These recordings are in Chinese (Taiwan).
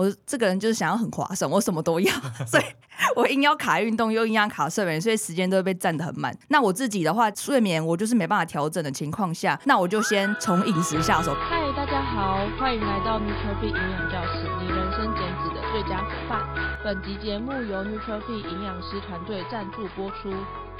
我這個人就是想要很划算，我什麼都要，所以我硬要卡運動，又硬要卡睡眠，所以時間都會被占的很滿。那我自己的話，睡眠我就是沒辦法調整的情況下，那我就先從飲食下手。嗨，大家好，歡迎來到 Nuture Fit 營養教室，你人生減脂的最佳夥伴。本集節目由 Nuture Fit 營養師團隊贊助播出。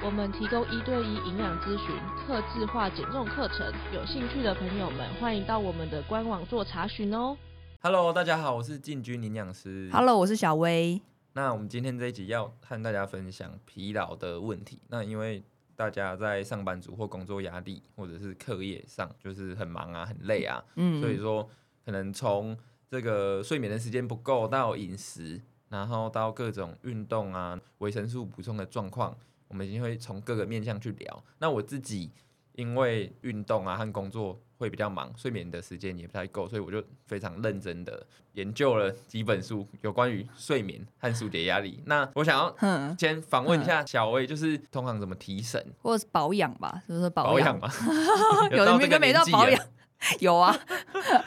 我們提供一對一營養諮詢、特制化減重課程，有興趣的朋友們歡迎到我們的官網做查詢哦。Hello，大家好，我是進軍營養師。Hello，我是小薇。那我們今天這一集要和大家分享疲勞的問題。那因為大家在上班族或工作壓力，或者是課業上，就是很忙啊，很累啊，嗯，所以說可能從這個睡眠的時間不夠，到飲食，然後到各種運動啊，維生素補充的狀況，我們已經會從各個面向去聊。那我自己。因為運動啊和工作會比較忙，睡眠的時間也不太夠，所以我就非常認真的研究了幾本書，有關於睡眠和舒解壓力。 那我想要先訪問一下小薇，就是通常怎麼提神或者是保養吧，就是，是保養吧 有的 沒到保養？ 有啊，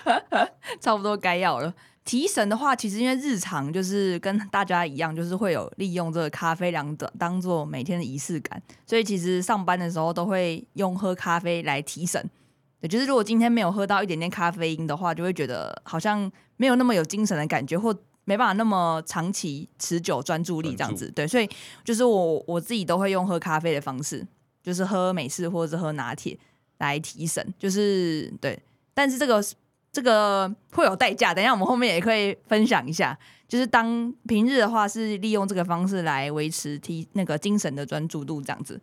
差不多該要了。提神的話，其實因為日常就是跟大家一樣，就是會有利用這個咖啡良的當做每天的儀式感，所以其實上班的時候都會用喝咖啡來提神。對，就是如果今天沒有喝到一點點咖啡因的話，就會覺得好像沒有那麼有精神的感覺，或沒辦法那麼長期持久專注力這樣子。對，所以就是我我自己都會用喝咖啡的方式，就是喝美式或者是喝拿鐵來提神。就是對，但是這個。這個會有代價，等一下我們後面也可以分享一下。就是當平日的話，是利用這個方式來維持提那個精神的專注度這樣子。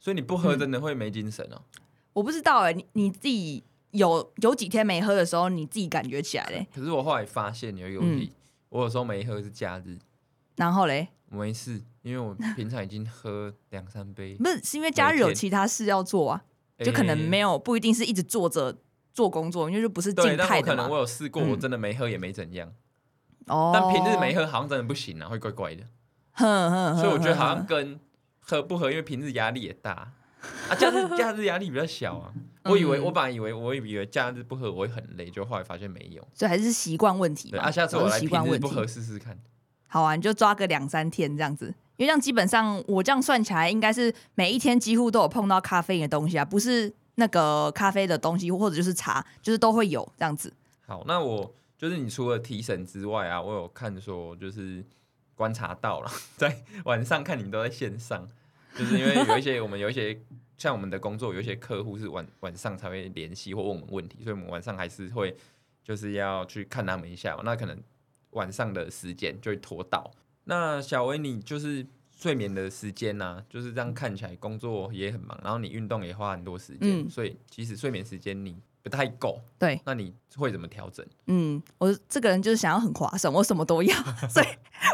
所以你不喝真的會沒精神哦？嗯、我不知道哎、欸，你自己有有幾天沒喝的時候，你自己感覺起來嘞、欸？可是我後來發現有一個問題、嗯，我有時候沒喝是假日。然後嘞？沒事，因為我平常已經喝兩三杯。不是，是因為假日有其他事要做啊，就可能沒有，欸、嘿嘿不一定是一直坐着。做工作因為就不是靜態的嘛，但我可能我有試過，我真的沒喝也沒怎樣。哦、嗯。但平日沒喝好像真的不行啊，會怪怪的。哼、哦、哼，所以我覺得好像跟喝不喝，因為平日壓力也大。 啊，假日假日壓力比較小啊。嗯、我以為我本來以為我以為假日不喝我會很累，就後來發現沒有。所以還是習慣問題吧。對啊，下次我來平日不喝試試看。好啊，你就抓個兩三天這樣子，因為這樣基本上我這樣算起來，應該是每一天幾乎都有碰到咖啡因的東西啊，不是？那個咖啡的東西，或者就是茶，就是都會有這樣子。好，那我就是你除了提神之外啊，我有看說就是觀察到了，在晚上看你都在線上，就是因為有一些 我們有一些像我們的工作，有一些客戶是晚晚上才會聯繫或問我們問題，所以我們晚上還是會就是要去看他們一下嘛。那可能晚上的時間就會拖到。那小薇，你就是。睡眠的時間呢、啊，就是這樣看起來工作也很忙，然後你運動也花很多時間，嗯，所以其實睡眠時間你不太夠。對，那你會怎麼調整？嗯，我這個人就是想要很划算，我什麼都要， 所以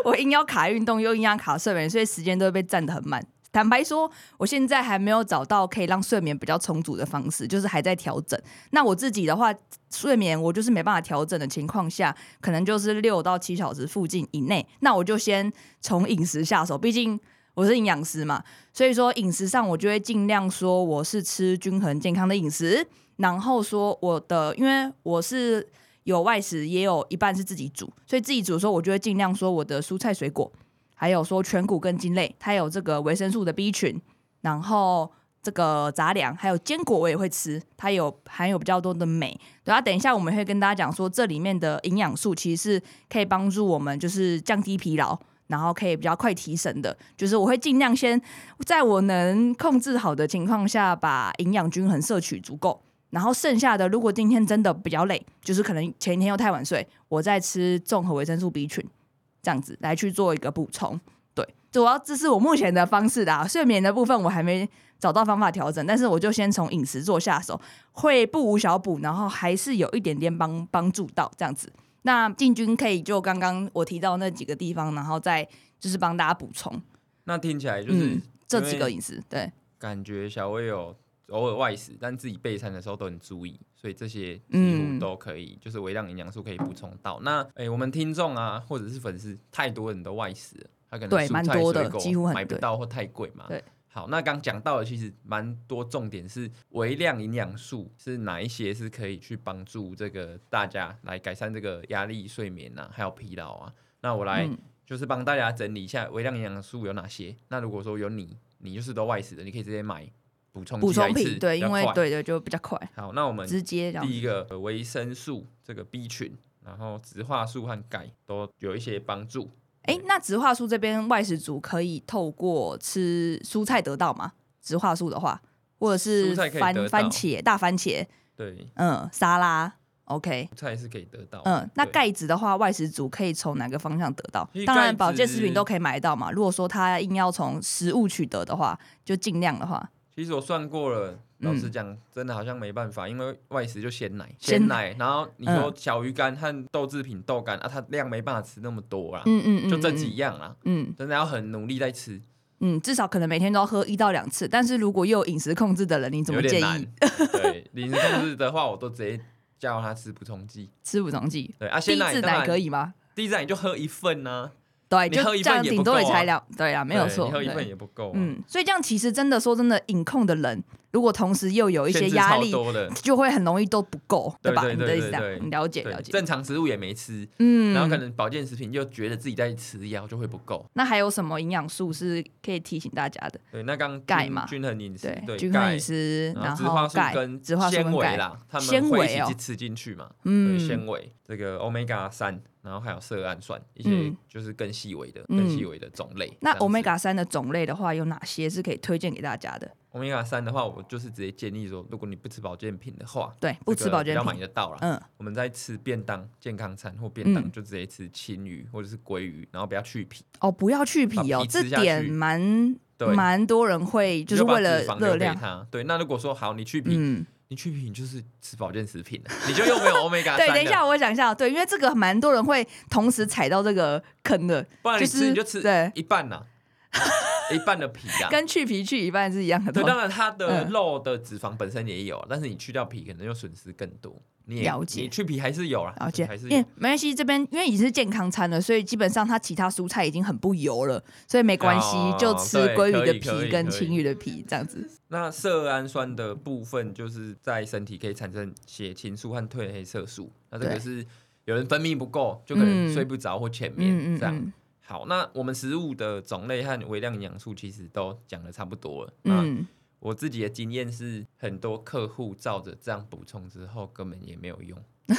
我硬要卡運動，又硬要卡睡眠，所以時間都會被占得很滿。坦白說，我現在還沒有找到可以讓睡眠比較充足的方式，就是還在調整。那我自己的話，睡眠我就是沒辦法調整的情況下，可能就是六到七小時附近以內。那我就先從飲食下手，畢竟我是營養師嘛。所以說飲食上，我就會盡量說我是吃均衡健康的飲食。然後說我的，因為我是有外食，也有一半是自己煮，所以自己煮的時候，我就會盡量說我的蔬菜水果，還有說，全穀根莖類，它有這個維生素的 B 群，然後這個雜糧，還有堅果我也會吃，它有含有比較多的鎂。然後、啊、等一下我們會跟大家講說，這裡面的營養素其實是可以幫助我們就是降低疲勞，然後可以比較快提神的。就是我會盡量先在我能控制好的情況下，把營養均衡攝取足夠，然後剩下的如果今天真的比較累，就是可能前一天又太晚睡，我再吃綜合維生素 B 群，這樣子來去做一個補充，對，主要這是我目前的方式啦。睡眠的部分我還沒找到方法調整，但是我就先從飲食做下手，會不無小補，然後還是有一點點幫幫助到這樣子。那進軍可以就剛剛我提到那幾個地方，然後再就是幫大家補充。那聽起來就是、嗯、這幾個飲食，對，感覺小威有偶爾外食，但自己備餐的時候都很注意。對，這些都可以、嗯，就是微量營養素可以補充到。那哎、欸，我們聽眾啊，或者是粉絲，太多人都外食了，他可能蔬菜水果幾乎買不到或太貴嘛、嗯。好，那剛講到的其實蠻多，重點是微量營養素是哪一些是可以去幫助這個大家來改善這個壓力、睡眠啊，還有疲勞啊。那我來就是幫大家整理一下微量營養素有哪些。那如果說有你，你就是都外食的，你可以直接買。補充,充品對，因為對對,對就比較快。好，那我們直接第一個維生素這個 B 群，然後植化素和鈣都有一些幫助。哎、欸，那植化素這邊外食族可以透過吃蔬菜得到嗎？植化素的話，或者是番,番茄、大番茄，對，嗯，沙拉，OK，蔬菜是可以得到。嗯，那鈣質的話，外食族可以從哪個方向得到？當然，保健食品都可以買得到嘛。如果說他硬要從食物取得的話，就儘量的話。其實我算過了，老實講、嗯、真的好像沒辦法，因為外食就鮮奶、鮮奶，鮮奶，然後你說小魚乾和豆製品豆、豆、嗯、乾啊，它量沒辦法吃那麼多啊，嗯嗯就這幾樣啊，嗯，真的要很努力在吃，嗯，至少可能每天都要喝一到兩次，但是如果又有飲食控制的人，你怎麼建議？ 對，飲食控制的話，我都直接叫他吃補充劑，吃補充劑，對，啊鮮奶、低脂奶可以嗎？低脂奶你就喝一份呢、啊。對、啊，就這樣頂多的材料，頂多也才兩對啊沒有錯、啊。嗯，所以這樣其實真的說真的，飲控的人如果同時又有一些壓力，就會很容易都不夠，對吧？你的是這樣。對對對對了解了解。正常食物也沒吃，嗯，然後可能保健食品就覺得自己在吃藥就會不夠。那還有什麼營養素是可以提醒大家的？對，那剛鈣嘛，均衡飲食對，對，均衡飲食，然後，然後植化素跟植化素纖維啦，它、喔、們會一起吃進去嘛，嗯、喔，纖維，這個 omega 三。嗯然後還有色氨酸，一些就是更細微的、嗯、更細微的種類。嗯、那 Omega 三的種類的話，有哪些是可以推薦給大家的？Omega 三的話，我就是直接建議說，如果你不吃保健品的話，對，不吃保健品，就、這、要、個、買得到了。嗯，我們在吃便當、健康餐或便當，就直接吃鯖魚或者是鮭魚，然後不要去皮哦，不要去皮哦，皮這點蠻對蠻多人會就是為了熱量它。對，那如果說好，你去皮。嗯你去皮，就是吃保健食品，你就又沒有歐米伽三，對，等一下我會講一下，對，因為這個蠻多人會同時踩到這個坑的，不然、就是、你，吃你就吃對一半呢，、啊， 一半的皮啊，跟去皮去一半是一樣的。對，當然，它的肉的脂肪本身也有，嗯、但是你去掉皮，可能又損失更多。了解，你去皮還是有啊？了解，因為沒關係這邊，因為已經是健康餐了，所以基本上它其他蔬菜已經很不油了，所以沒關係、哦，就吃鮭魚的皮跟鲭魚的皮這樣子。那色胺酸的部分就是在身體可以產生血清素和褪黑色素，那這個是有人分泌不夠，就可能睡不着或淺眠、嗯、這樣、嗯嗯嗯。好，那我們食物的種類和微量營養素其實都講得差不多了。嗯。我自己的經驗是，很多客戶照着這樣補充之後，根本也沒有用 對，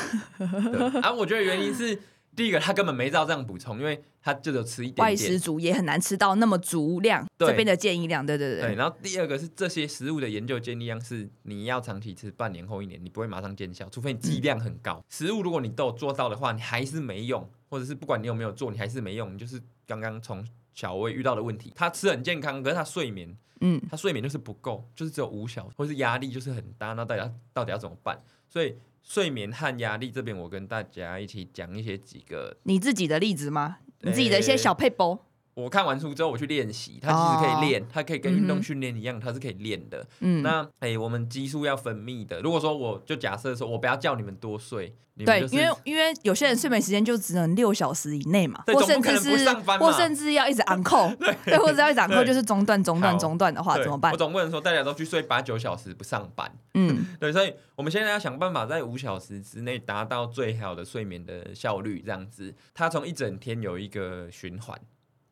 啊，我覺得原因是第一個，他根本沒照這樣補充，因為他就有吃一點點。外食族也很難吃到那麼足量，這邊的建議量，對對對，對。然後第二個是這些食物的研究建議量是你要長期吃半年後一年，你不會馬上見效，除非你劑量很高。嗯。食物如果你都有做到的話，你還是沒用，或者是不管你有沒有做，你還是沒用，你就是剛剛從。小薇遇到的問題，他吃很健康，可是他睡眠，嗯，他睡眠就是不夠，就是只有五小時，或是壓力就是很大。那大家到底要怎麼辦？所以睡眠和壓力這邊，我跟大家一起講一些幾個你自己的例子嗎？你自己的一些小撇步。欸我看完書之後，我去練習。它其實可以練，它、oh. 可以跟運動訓練一樣，它、mm -hmm. 是可以練的。嗯、mm -hmm.，那、欸、哎，我們激素要分泌的。如果說我就假設說，我不要叫你們多睡。對，就是、因為因為有些人睡眠時間就只能六小時以內嘛，或甚至是甚至、甚至要一直按扣，對，對對或者要一直昂扣，就是中斷、中斷、中斷的話怎麼辦？我總不能說大家都去睡八九小時不上班。嗯、mm -hmm.，對，所以我們現在要想辦法在五小時之內達到最好的睡眠的效率，這樣子，它從一整天有一個循環。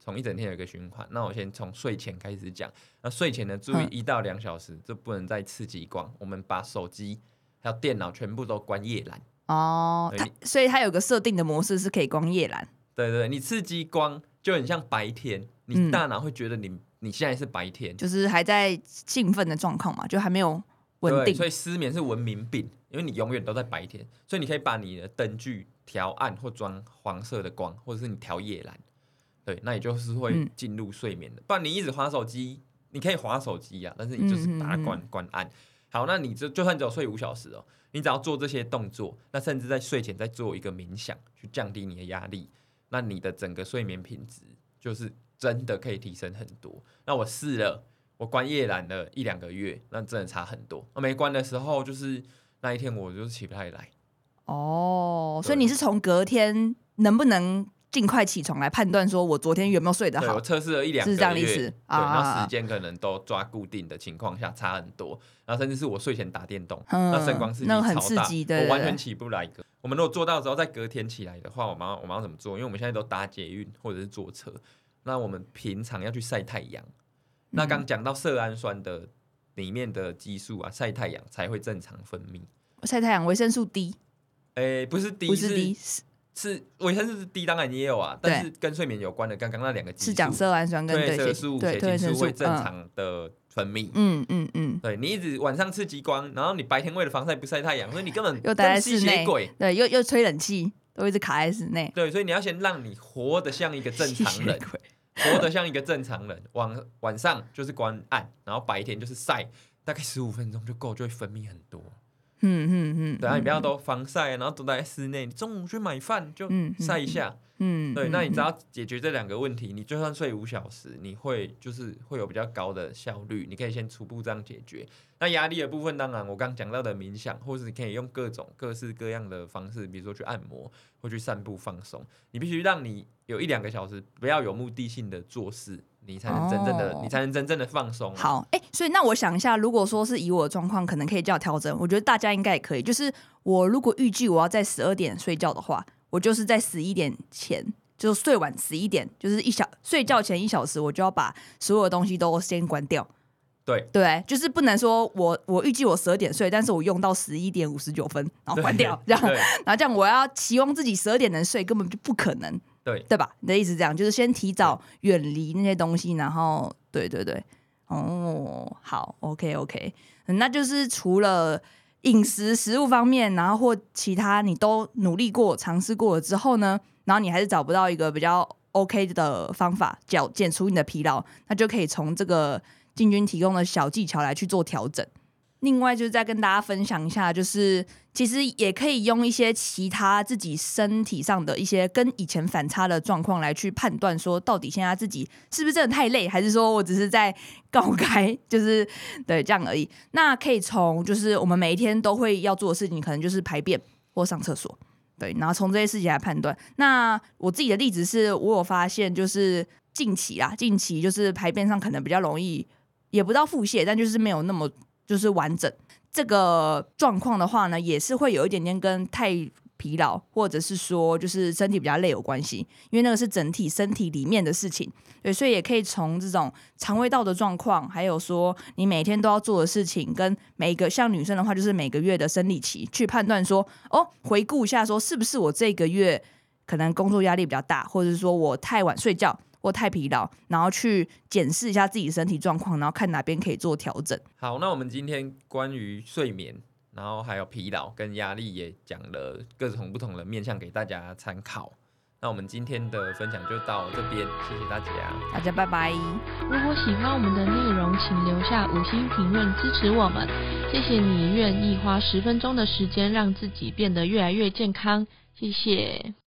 從一整天有一個循環，那我先從睡前開始講。那睡前呢，注意一到兩小時就不能再刺激光。嗯、我們把手機還有電腦全部都關夜藍。哦，它所以它有個設定的模式是可以關夜藍。對對對，你刺激光就很像白天，你大腦會覺得你、嗯、你現在是白天，就是還在興奮的狀況嘛，就還沒有穩定。所以失眠是文明病，因為你永遠都在白天，所以你可以把你的燈具調暗或裝黃色的光，或者是你調夜藍。對，那也就是會進入睡眠的，嗯、不然你一直滑手機，你可以滑手機啊，但是你就是把它關嗯嗯嗯關暗。好，那你就就算只有睡五小時哦，你只要做這些動作，那甚至在睡前再做一個冥想，去降低你的壓力，那你的整個睡眠品質就是真的可以提升很多。那我試了，我關夜覽了一兩個月，那真的差很多。那沒關的時候，就是那一天我就是起不太來。哦，所以你是從隔天能不能？盡快起床來判斷，說我昨天有沒有睡得好。我測試了一兩個月是是對、啊、然後時間可能都抓固定的情況下差很多。啊、然後甚至是我睡前打電動，嗯、那聲光是那很刺激的。我完全起不來。我們如果做到之後再隔天起來的話，我們要我們要怎麼做？因為我們現在都搭捷運或者是坐車，那我們平常要去曬太陽。嗯、那剛，剛講到色氨酸的裡面的激素啊，曬太陽才會正常分泌。曬太陽維生素 D、欸、不是 D，不是 D 是。是維生素 D 當然也有啊，但是跟睡眠有關的，剛剛那兩個激素是講色氨酸跟褪黑素，褪黑素會正常的分泌。嗯嗯嗯，對，你一直晚上吃激光，然後你白天為了防曬不曬太陽，所以你根本又待在室內，對，又又吹冷氣，都一直卡在室內。對，所以你要先讓你活得像一個正常人，活得像一個正常人，晚晚上就是關暗，然後白天就是曬，大概十五分鐘就夠，就會分泌很多。嗯嗯嗯，對啊、嗯，你不要都防曬、啊，然後躲在室內。你中午去買飯就曬一下，嗯，嗯對嗯。那你只要解決這兩個問題，你就算睡五小時，你會就是會有比較高的效率。你可以先初步這樣解決。那壓力的部分，當然我剛講到的冥想，或是你可以用各種各式各樣的方式，比如說去按摩或去散步放鬆。你必須讓你有一兩個小時，不要有目的性的做事。你才能真正的，oh. 你才能真正的放鬆、啊。好，哎、欸，所以那我想一下，如果說是以我的狀況，可能可以這樣調整。我覺得大家應該也可以。就是我如果預計我要在十二點睡覺的話，我就是在十一點前，就是最晚十一點，就是一小睡覺前一小時，我就要把所有的東西都先關掉。對，對，就是不能說我我預計我十二點睡，但是我用到十一點五十九分然後關掉，這樣，然後這樣我要期望自己十二點能睡，根本就不可能。對，對吧？你的意思這樣，就是先提早遠離那些東西，然後，對對對，哦，好，OK OK，那就是除了飲食食物方面，然後或其他你都努力過、嘗試過了之後呢，然後你還是找不到一個比較 OK 的方法，減減除你的疲勞，那就可以從這個進軍提供的小技巧來去做調整。另外就是再跟大家分享一下，就是其實也可以用一些其他自己身體上的一些跟以前反差的狀況來去判斷，說到底現在自己是不是真的太累，還是說我只是在告開，就是對這樣而已。那可以從就是我們每一天都會要做的事情，可能就是排便或上廁所，對，然後從這些事情來判斷。那我自己的例子是我有發現，就是近期啊，近期就是排便上可能比較容易，也不到腹瀉，但就是沒有那麼。就是完整這個狀況的話呢，也是會有一點點跟太疲勞，或者是說就是身體比較累有關係，因為那個是整體身體裡面的事情。對，所以也可以從這種腸胃道的狀況，還有說你每天都要做的事情，跟每個像女生的話，就是每個月的生理期去判斷說，哦，回顧一下說是不是我這個月可能工作壓力比較大，或者是說我太晚睡覺，或太疲勞，然後去檢視一下自己身體狀況，然後看哪邊可以做調整。好，那我們今天關於睡眠，然後還有疲勞跟壓力也講了各種不同的面向給大家參考。那我們今天的分享就到這邊，謝謝大家，大家拜拜。如果喜歡我們的內容，請留下五星評論，支持我們。謝謝你願意花十分鐘的時間讓自己變得越來越健康，謝謝。